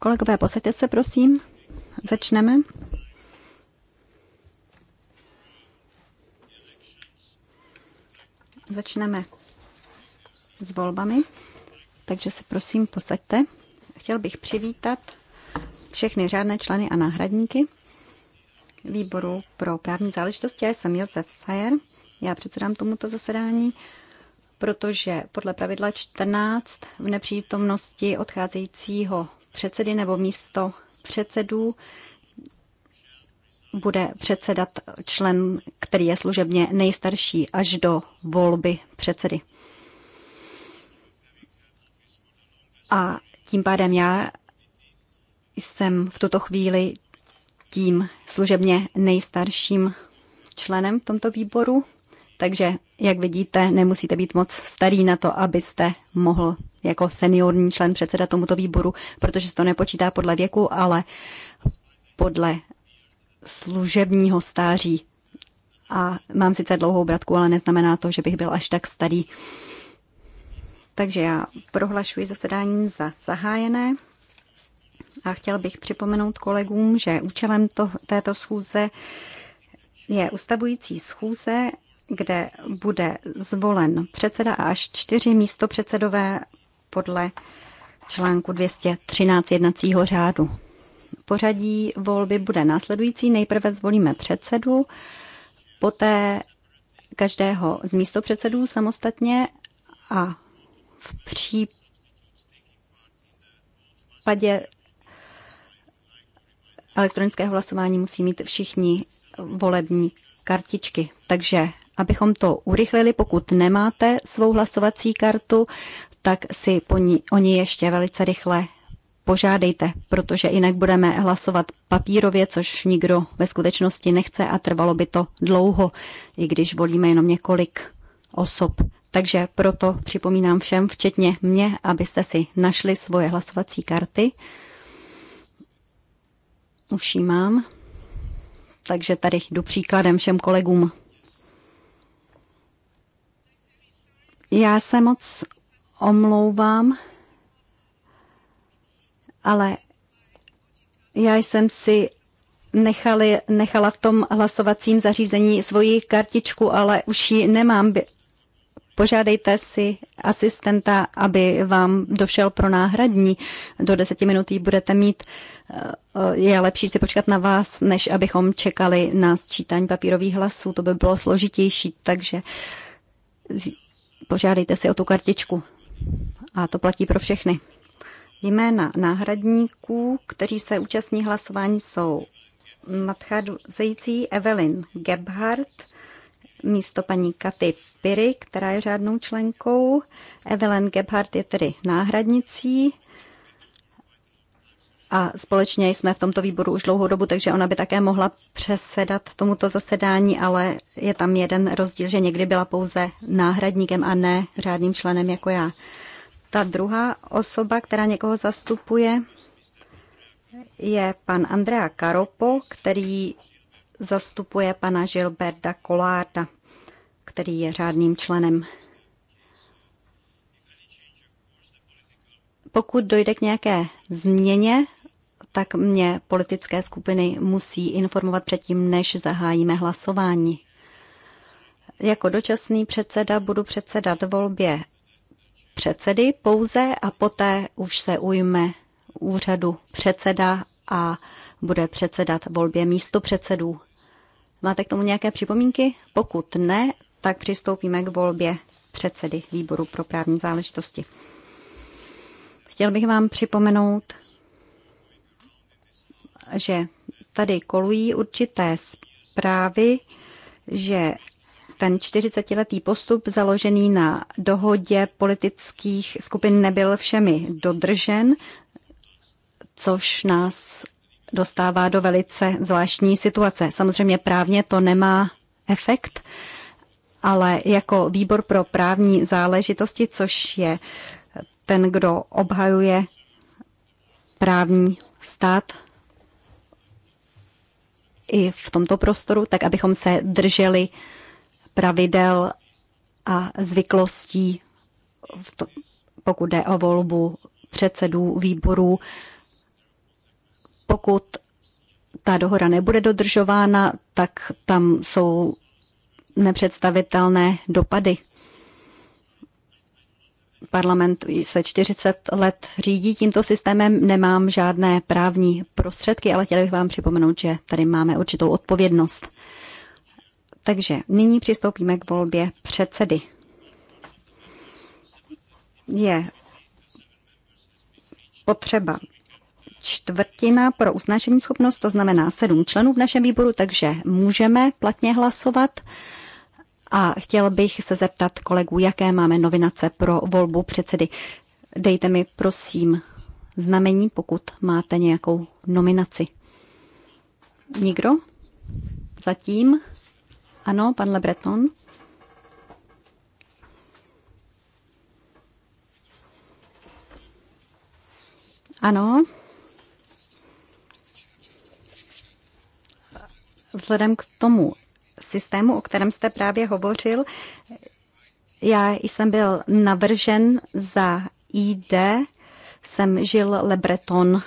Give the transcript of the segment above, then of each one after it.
Kolegové, posaďte se, prosím. Začneme. Začneme s volbami, takže se prosím posaďte. Chtěl bych přivítat všechny řádné členy a náhradníky výboru pro právní záležitosti. Já jsem Josef Sajer, já předsedám tomuto zasedání protože podle pravidla 14 v nepřítomnosti odcházejícího předsedy nebo místo předsedů bude předsedat člen, který je služebně nejstarší až do volby předsedy. A tím pádem já jsem v tuto chvíli tím služebně nejstarším členem v tomto výboru. Takže, jak vidíte, nemusíte být moc starý na to, abyste mohl jako seniorní člen předseda tomuto výboru, protože se to nepočítá podle věku, ale podle služebního stáří. A mám sice dlouhou bratku, ale neznamená to, že bych byl až tak starý. Takže já prohlašuji zasedání za zahájené a chtěl bych připomenout kolegům, že účelem to, této schůze je ustavující schůze kde bude zvolen předseda a až čtyři místopředsedové podle článku 213 jednacího řádu. Pořadí volby bude následující. Nejprve zvolíme předsedu, poté každého z místopředsedů samostatně a v případě elektronického hlasování musí mít všichni volební kartičky. Takže abychom to urychlili. Pokud nemáte svou hlasovací kartu, tak si po ní, o ní ještě velice rychle požádejte, protože jinak budeme hlasovat papírově, což nikdo ve skutečnosti nechce a trvalo by to dlouho, i když volíme jenom několik osob. Takže proto připomínám všem, včetně mě, abyste si našli svoje hlasovací karty. Už ji mám. Takže tady jdu příkladem všem kolegům. Já se moc omlouvám, ale já jsem si nechali, nechala v tom hlasovacím zařízení svoji kartičku, ale už ji nemám. Požádejte si asistenta, aby vám došel pro náhradní. Do deseti minut ji budete mít. Eh, je lepší si počkat na vás, než abychom čekali na sčítání papírových hlasů. To by bylo složitější, takže požádejte si o tu kartičku. A to platí pro všechny. Jména náhradníků, kteří se účastní hlasování, jsou nadcházející Evelyn Gebhardt, místo paní Katy Piry, která je řádnou členkou. Evelyn Gebhardt je tedy náhradnicí a společně jsme v tomto výboru už dlouhou dobu, takže ona by také mohla přesedat tomuto zasedání, ale je tam jeden rozdíl, že někdy byla pouze náhradníkem a ne řádným členem jako já. Ta druhá osoba, která někoho zastupuje, je pan Andrea Karopo, který zastupuje pana Gilberta Kolárda, který je řádným členem. Pokud dojde k nějaké změně tak mě politické skupiny musí informovat předtím, než zahájíme hlasování. Jako dočasný předseda budu předsedat volbě předsedy pouze a poté už se ujme úřadu předseda a bude předsedat volbě místo předsedů. Máte k tomu nějaké připomínky? Pokud ne, tak přistoupíme k volbě předsedy výboru pro právní záležitosti. Chtěl bych vám připomenout, že tady kolují určité zprávy, že ten 40-letý postup založený na dohodě politických skupin nebyl všemi dodržen, což nás dostává do velice zvláštní situace. Samozřejmě právně to nemá efekt, ale jako výbor pro právní záležitosti, což je ten, kdo obhajuje právní stát, i v tomto prostoru, tak abychom se drželi pravidel a zvyklostí, to, pokud jde o volbu předsedů výborů. Pokud ta dohoda nebude dodržována, tak tam jsou nepředstavitelné dopady parlament se 40 let řídí tímto systémem, nemám žádné právní prostředky, ale chtěla bych vám připomenout, že tady máme určitou odpovědnost. Takže nyní přistoupíme k volbě předsedy. Je potřeba čtvrtina pro usnášení schopnost, to znamená sedm členů v našem výboru, takže můžeme platně hlasovat. Uh, a chtěl bych se zeptat kolegů, jaké máme novinace pro volbu předsedy. Dejte mi prosím znamení, pokud máte nějakou nominaci. Nikdo? Zatím? Ano, pan Le Breton? Ano. Vzhledem k tomu, systému, o kterém jste právě hovořil. Já jsem byl navržen za ID, jsem žil Lebreton.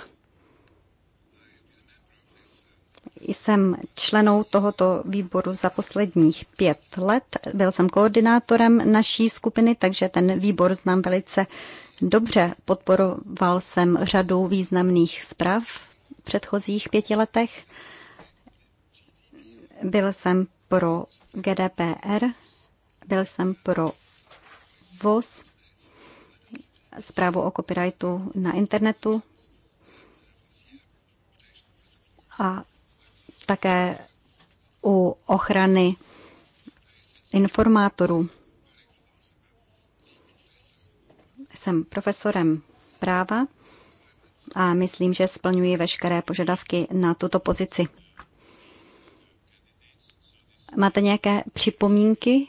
Jsem členou tohoto výboru za posledních pět let. Byl jsem koordinátorem naší skupiny, takže ten výbor znám velice dobře. Podporoval jsem řadu významných zpráv v předchozích pěti letech byl jsem pro GDPR, byl jsem pro VOS, zprávu o copyrightu na internetu a také u ochrany informátorů. Jsem profesorem práva a myslím, že splňuji veškeré požadavky na tuto pozici. Máte nějaké připomínky?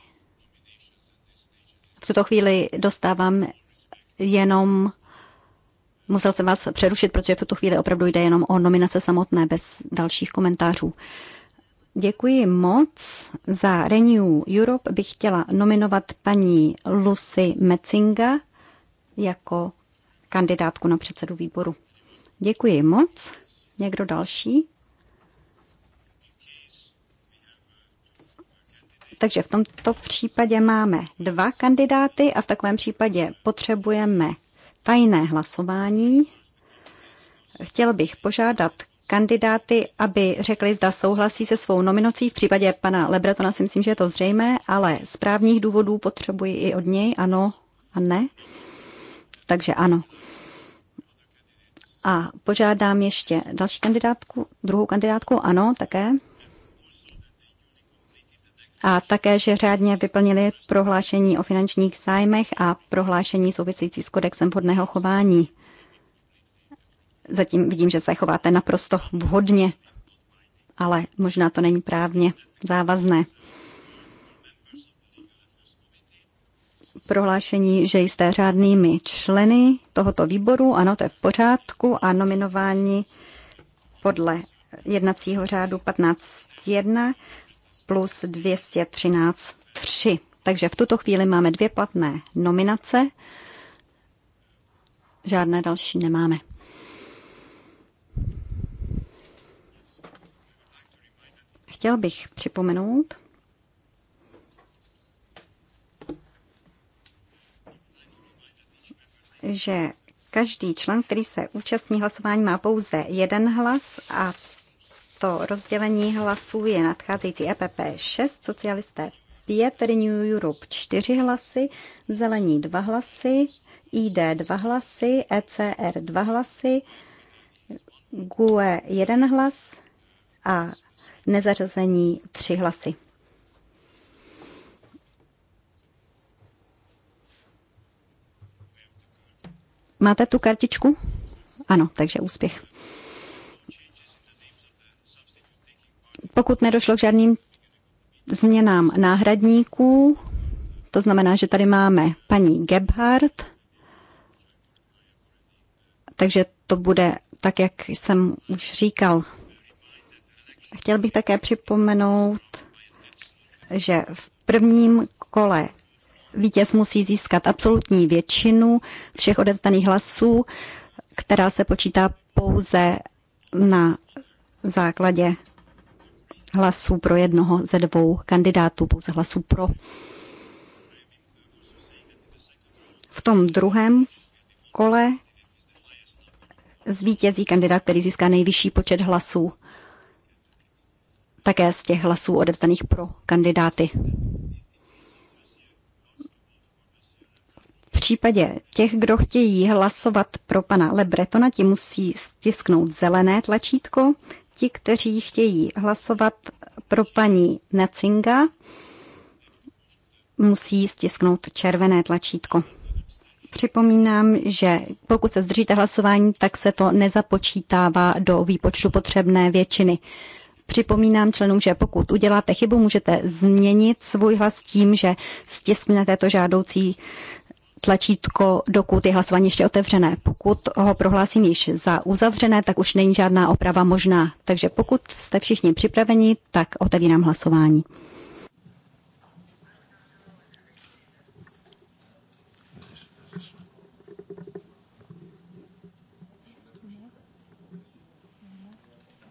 V tuto chvíli dostávám jenom Musel jsem vás přerušit, protože v tuto chvíli opravdu jde jenom o nominace samotné, bez dalších komentářů. Děkuji moc. Za Renew Europe bych chtěla nominovat paní Lucy Metzinga jako kandidátku na předsedu výboru. Děkuji moc. Někdo další? Takže v tomto případě máme dva kandidáty a v takovém případě potřebujeme tajné hlasování. Chtěl bych požádat kandidáty, aby řekli, zda souhlasí se svou nominací. V případě pana Lebretona si myslím, že je to zřejmé, ale z právních důvodů potřebuji i od něj ano a ne. Takže ano. A požádám ještě další kandidátku, druhou kandidátku, ano, také a také, že řádně vyplnili prohlášení o finančních zájmech a prohlášení související s kodexem vhodného chování. Zatím vidím, že se chováte naprosto vhodně, ale možná to není právně závazné. prohlášení, že jste řádnými členy tohoto výboru, ano, to je v pořádku, a nominování podle jednacího řádu 15.1 plus 213 3. Takže v tuto chvíli máme dvě platné nominace. Žádné další nemáme. Chtěl bych připomenout, že každý člen, který se účastní hlasování, má pouze jeden hlas a to rozdělení hlasů je nadcházející EPP 6, socialisté 5, tedy New Europe 4 hlasy, zelení 2 hlasy, ID 2 hlasy, ECR 2 hlasy, GUE 1 hlas a nezařazení 3 hlasy. Máte tu kartičku? Ano, takže úspěch. Pokud nedošlo k žádným změnám náhradníků, to znamená, že tady máme paní Gebhardt, takže to bude tak, jak jsem už říkal. Chtěl bych také připomenout, že v prvním kole vítěz musí získat absolutní většinu všech odevzdaných hlasů, která se počítá pouze na základě hlasů pro jednoho ze dvou kandidátů, pouze hlasů pro. V tom druhém kole zvítězí kandidát, který získá nejvyšší počet hlasů. Také z těch hlasů odevzdaných pro kandidáty. V případě těch, kdo chtějí hlasovat pro pana Lebretona, ti musí stisknout zelené tlačítko, ti, kteří chtějí hlasovat pro paní Necinga, musí stisknout červené tlačítko. Připomínám, že pokud se zdržíte hlasování, tak se to nezapočítává do výpočtu potřebné většiny. Připomínám členům, že pokud uděláte chybu, můžete změnit svůj hlas tím, že stisknete to žádoucí tlačítko, dokud je hlasování ještě otevřené. Pokud ho prohlásím již za uzavřené, tak už není žádná oprava možná. Takže pokud jste všichni připraveni, tak otevírám hlasování.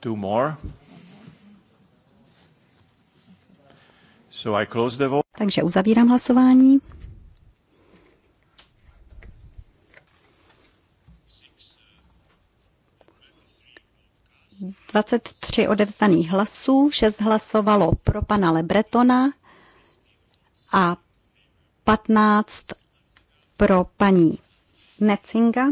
Two more. So I close the vote. Takže uzavírám hlasování. 23 odevzdaných hlasů, 6 hlasovalo pro pana Lebretona a 15 pro paní Necinga.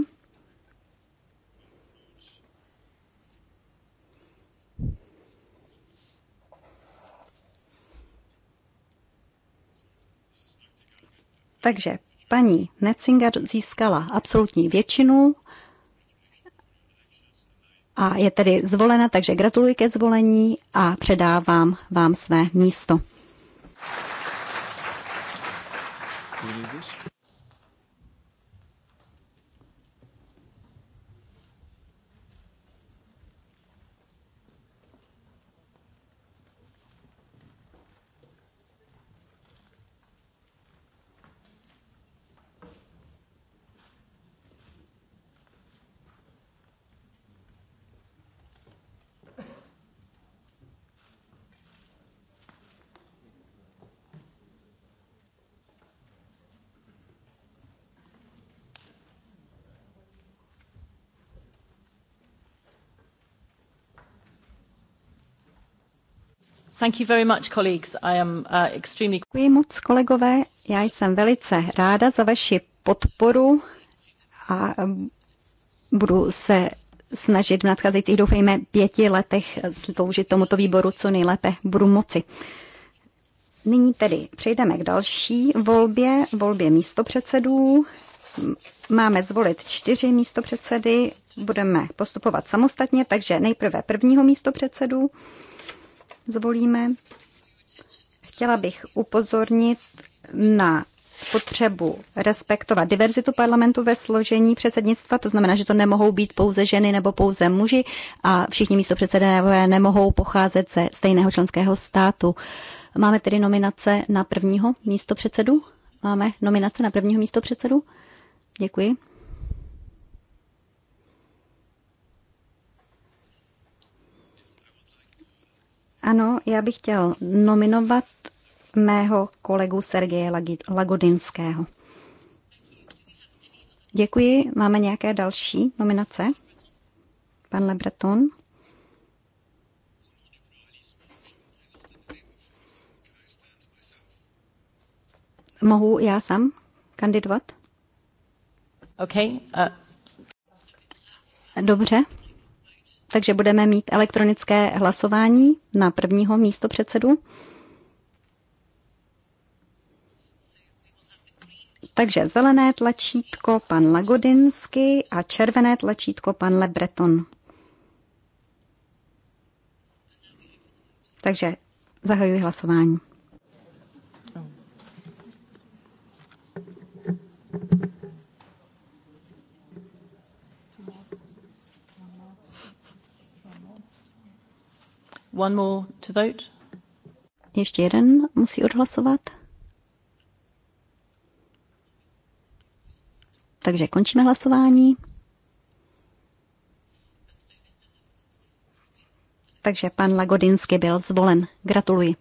Takže paní Necinga získala absolutní většinu a je tedy zvolena, takže gratuluji ke zvolení a předávám vám své místo. Thank you very much, colleagues. I am, uh, extremely... Děkuji moc, kolegové. Já jsem velice ráda za vaši podporu a um, budu se snažit v nadcházejících, doufejme, pěti letech sloužit tomuto výboru co nejlépe budu moci. Nyní tedy přejdeme k další volbě, volbě místopředsedů. Máme zvolit čtyři místopředsedy, budeme postupovat samostatně, takže nejprve prvního místopředsedu. předsedu zvolíme. Chtěla bych upozornit na potřebu respektovat diverzitu parlamentu ve složení předsednictva, to znamená, že to nemohou být pouze ženy nebo pouze muži a všichni místo předsedové nemohou pocházet ze stejného členského státu. Máme tedy nominace na prvního místo předsedu? Máme nominace na prvního místo předsedu? Děkuji. Ano, já bych chtěl nominovat mého kolegu Sergeje Lagodinského. Děkuji. Máme nějaké další nominace? Pan Lebreton. Mohu já sám kandidovat? Okay, Uh... Dobře. Takže budeme mít elektronické hlasování na prvního místo předsedu. Takže zelené tlačítko pan Lagodinsky a červené tlačítko pan Lebreton. Takže zahajuji hlasování. one more to vote. Ještě jeden musí odhlasovat. Takže končíme hlasování. Takže pan Lagodinsky byl zvolen. Gratuluji.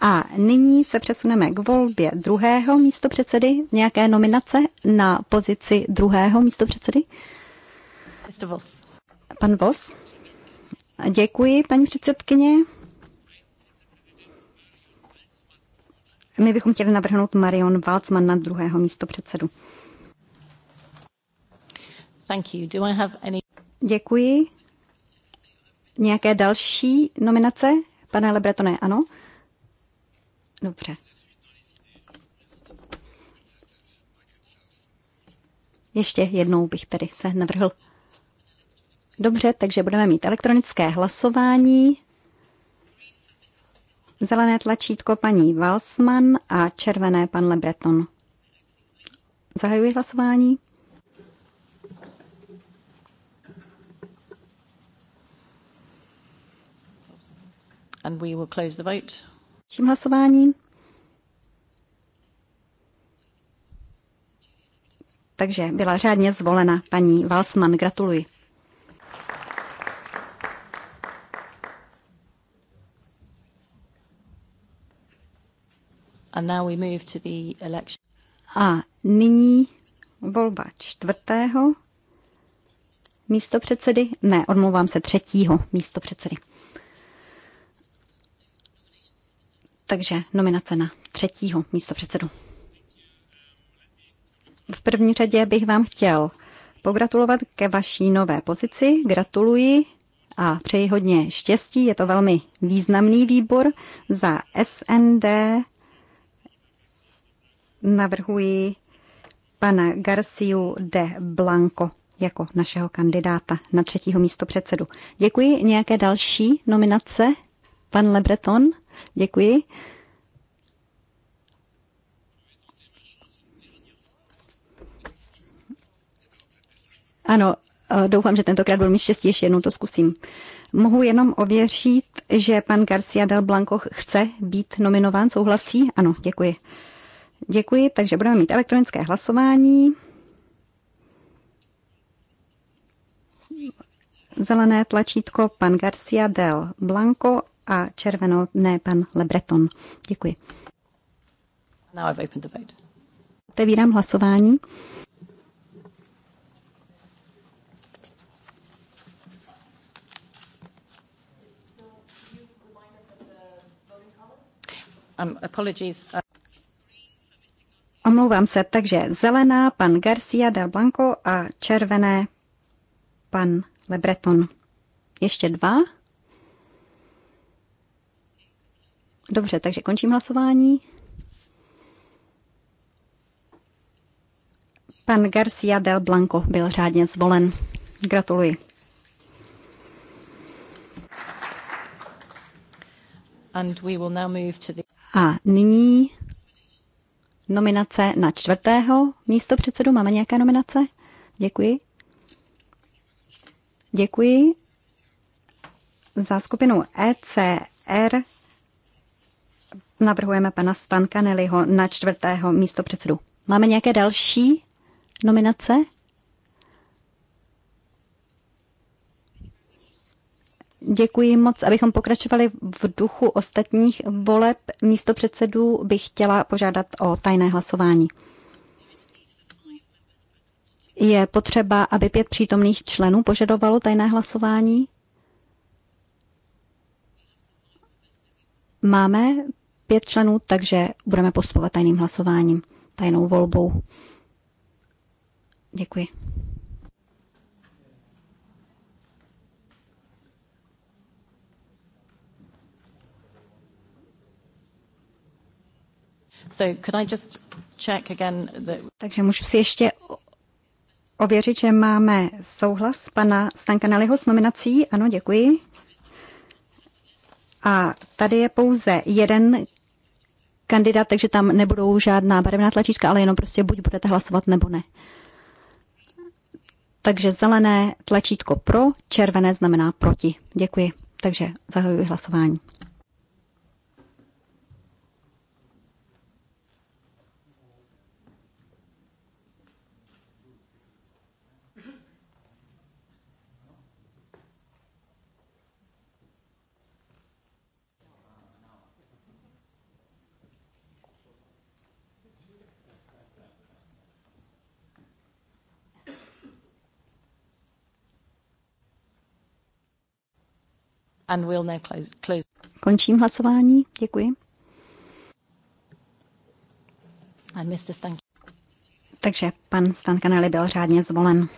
A nyní se přesuneme k volbě druhého místopředsedy. Nějaké nominace na pozici druhého místopředsedy? Mr. Vos. Pan Vos. Děkuji, paní předsedkyně. My bychom chtěli navrhnout Marion Walcman na druhého místopředsedu. Thank you. Do I have any... Děkuji. Nějaké další nominace? Pane Lebretone, ano? Dobře. Ještě jednou bych tedy se navrhl. Dobře, takže budeme mít elektronické hlasování. Zelené tlačítko paní Valsman a červené pan Lebreton. Zahajuji hlasování. and we will close the vote. Čím hlasování? Takže byla řádně zvolena paní Valsman. Gratuluji. And now we move to the election. A nyní volba čtvrtého místo předsedy, ne, odmluvám se třetího místo předsedy. Takže nominace na třetího místo předsedu. V první řadě bych vám chtěl pogratulovat ke vaší nové pozici. Gratuluji a přeji hodně štěstí. Je to velmi významný výbor. Za SND navrhuji pana Garciu de Blanco jako našeho kandidáta na třetího místo předsedu. Děkuji. Nějaké další nominace? Pan Lebreton, děkuji. Ano, eh, doufám, že tentokrát budu mít štěstí, ještě jednou to zkusím. Mohu jenom ověřit, že pan Garcia del Blanco chce být nominován, souhlasí? Ano, děkuji. Děkuji, takže budeme mít elektronické hlasování. Zelené tlačítko pan Garcia del Blanco a červenou ne pan Lebreton. Děkuji. Now I've opened the vote. Otevírám hlasování. Um, apologies. Uh, Omlouvám se, takže zelená pan Garcia del Blanco a červené pan Lebreton. Ještě dva. Dobře, takže končím hlasování. Pan Garcia del Blanco byl řádně zvolen. Gratuluji. And we will now move to the... A nyní nominace na čtvrtého místo předsedu. Máme nějaké nominace? Děkuji. Děkuji. Za skupinu ECR navrhujeme pana Stanka Neliho na čtvrtého místo předsedu. Máme nějaké další nominace? Děkuji moc. Abychom pokračovali v duchu ostatních voleb místo předsedů, bych chtěla požádat o tajné hlasování. Je potřeba, aby pět přítomných členů požadovalo tajné hlasování? Máme pět členů, takže budeme postupovat tajným hlasováním, tajnou volbou. Děkuji. So could I just check again that... Takže můžu si ještě ověřit, že máme souhlas pana Stanka Naliho s nominací. Ano, děkuji. A tady je pouze jeden kandidát, takže tam nebudou žádná barevná tlačítka, ale jenom prostě buď budete hlasovat nebo ne. Takže zelené tlačítko pro, červené znamená proti. Děkuji. Takže zahajuji hlasování. And we'll now close, close. Končím hlasování. Děkuji. And Mr. Stank. Takže pan Stankanelli byl řádně zvolen.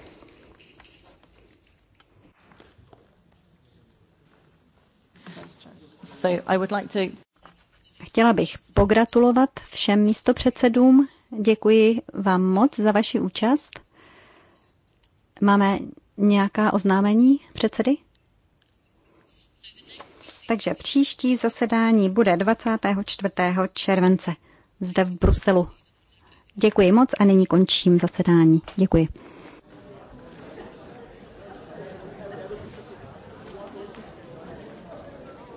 So I would like to... Chtěla bych pogratulovat všem místopředsedům. Děkuji vám moc za vaši účast. Máme nějaká oznámení předsedy? Takže příští zasedání bude 24. července zde v Bruselu. Děkuji moc a nyní končím zasedání. Děkuji.